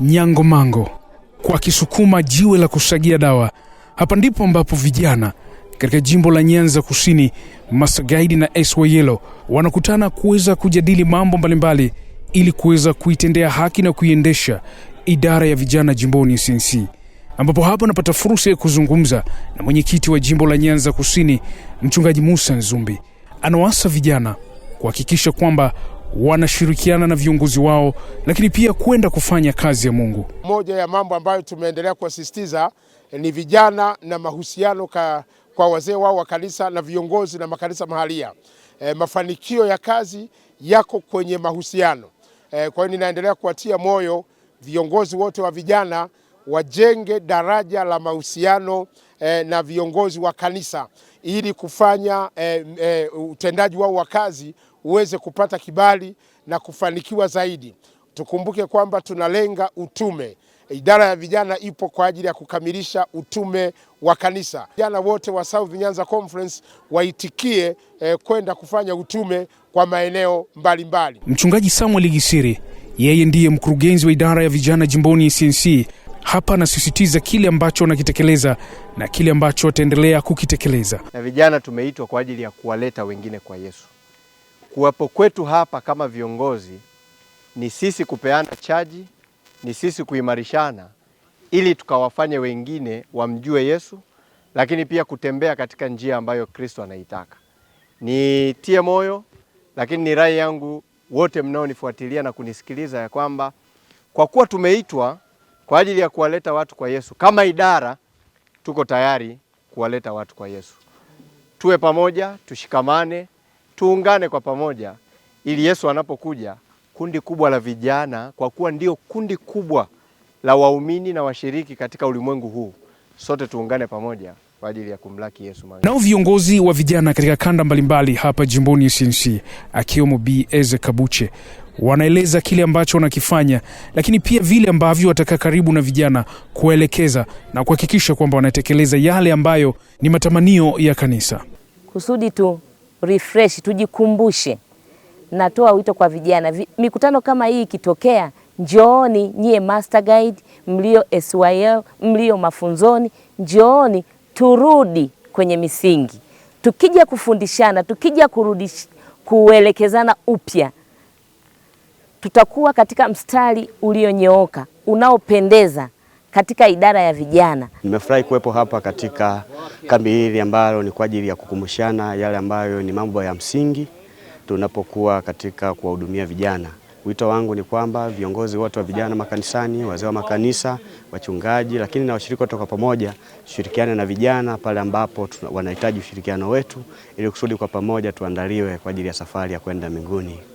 Nyangomango kwa kisukuma jiwe la kusagia dawa. Hapa ndipo ambapo vijana katika jimbo la Nyanza Kusini, Masagaidi na Eswayelo wanakutana kuweza kujadili mambo mbalimbali ili kuweza kuitendea haki na kuiendesha idara ya vijana jimboni SNC, ambapo hapa anapata fursa ya kuzungumza na mwenyekiti wa jimbo la Nyanza Kusini, mchungaji Musa Nzumbi. anawasa vijana kuhakikisha kwamba wanashirikiana na viongozi wao, lakini pia kwenda kufanya kazi ya Mungu. Moja ya mambo ambayo tumeendelea kuwasisitiza eh, ni vijana na mahusiano ka, kwa wazee wao wa kanisa na viongozi na makanisa mahalia. E, mafanikio ya kazi yako kwenye mahusiano. E, kwa hiyo ninaendelea kuwatia moyo viongozi wote wa vijana wajenge daraja la mahusiano e, na viongozi wa kanisa ili kufanya eh, eh, utendaji wao wa kazi uweze kupata kibali na kufanikiwa zaidi. Tukumbuke kwamba tunalenga utume. Idara ya vijana ipo kwa ajili ya kukamilisha utume wa kanisa. Vijana wote wa South Nyanza Conference waitikie eh, kwenda kufanya utume kwa maeneo mbalimbali. Mchungaji Samuel Gisiri yeye ndiye mkurugenzi wa idara ya vijana jimboni CNC e hapa anasisitiza kile ambacho wanakitekeleza na kile ambacho wataendelea kukitekeleza. Na vijana tumeitwa kwa ajili ya kuwaleta wengine kwa Yesu. Kuwapo kwetu hapa kama viongozi ni sisi kupeana chaji, ni sisi kuimarishana ili tukawafanye wengine wamjue Yesu, lakini pia kutembea katika njia ambayo Kristo anaitaka. Nitie moyo, lakini ni rai yangu wote mnaonifuatilia na kunisikiliza ya kwamba kwa kuwa tumeitwa kwa ajili ya kuwaleta watu kwa Yesu. Kama idara tuko tayari kuwaleta watu kwa Yesu. Tuwe pamoja, tushikamane, tuungane kwa pamoja ili Yesu anapokuja, kundi kubwa la vijana, kwa kuwa ndio kundi kubwa la waumini na washiriki katika ulimwengu huu, sote tuungane pamoja kwa ajili ya kumlaki Yesu. Nao viongozi wa vijana katika kanda mbalimbali hapa jimboni cnc akiwemo Bi Eze Kabuche wanaeleza kile ambacho wanakifanya, lakini pia vile ambavyo watakaa karibu na vijana kuwaelekeza na kuhakikisha kwamba wanatekeleza yale ambayo ni matamanio ya kanisa, kusudi tu refresh, tujikumbushe. Natoa wito kwa vijana, mikutano kama hii ikitokea, njooni nyie master guide, mlio SYL, mlio mafunzoni, njooni turudi kwenye misingi. Tukija kufundishana, tukija kurudi kuelekezana upya, tutakuwa katika mstari ulionyooka unaopendeza katika idara ya vijana. Nimefurahi kuwepo hapa katika kambi hili ambalo ni kwa ajili ya kukumbushana yale ambayo ni mambo ya msingi tunapokuwa katika kuwahudumia vijana. Wito wangu ni kwamba viongozi wote wa vijana makanisani, wazee wa makanisa, wachungaji, lakini na washirika wote kwa pamoja, tushirikiane na vijana pale ambapo wanahitaji ushirikiano wetu, ili kusudi kwa pamoja tuandaliwe kwa ajili ya safari ya kwenda mbinguni.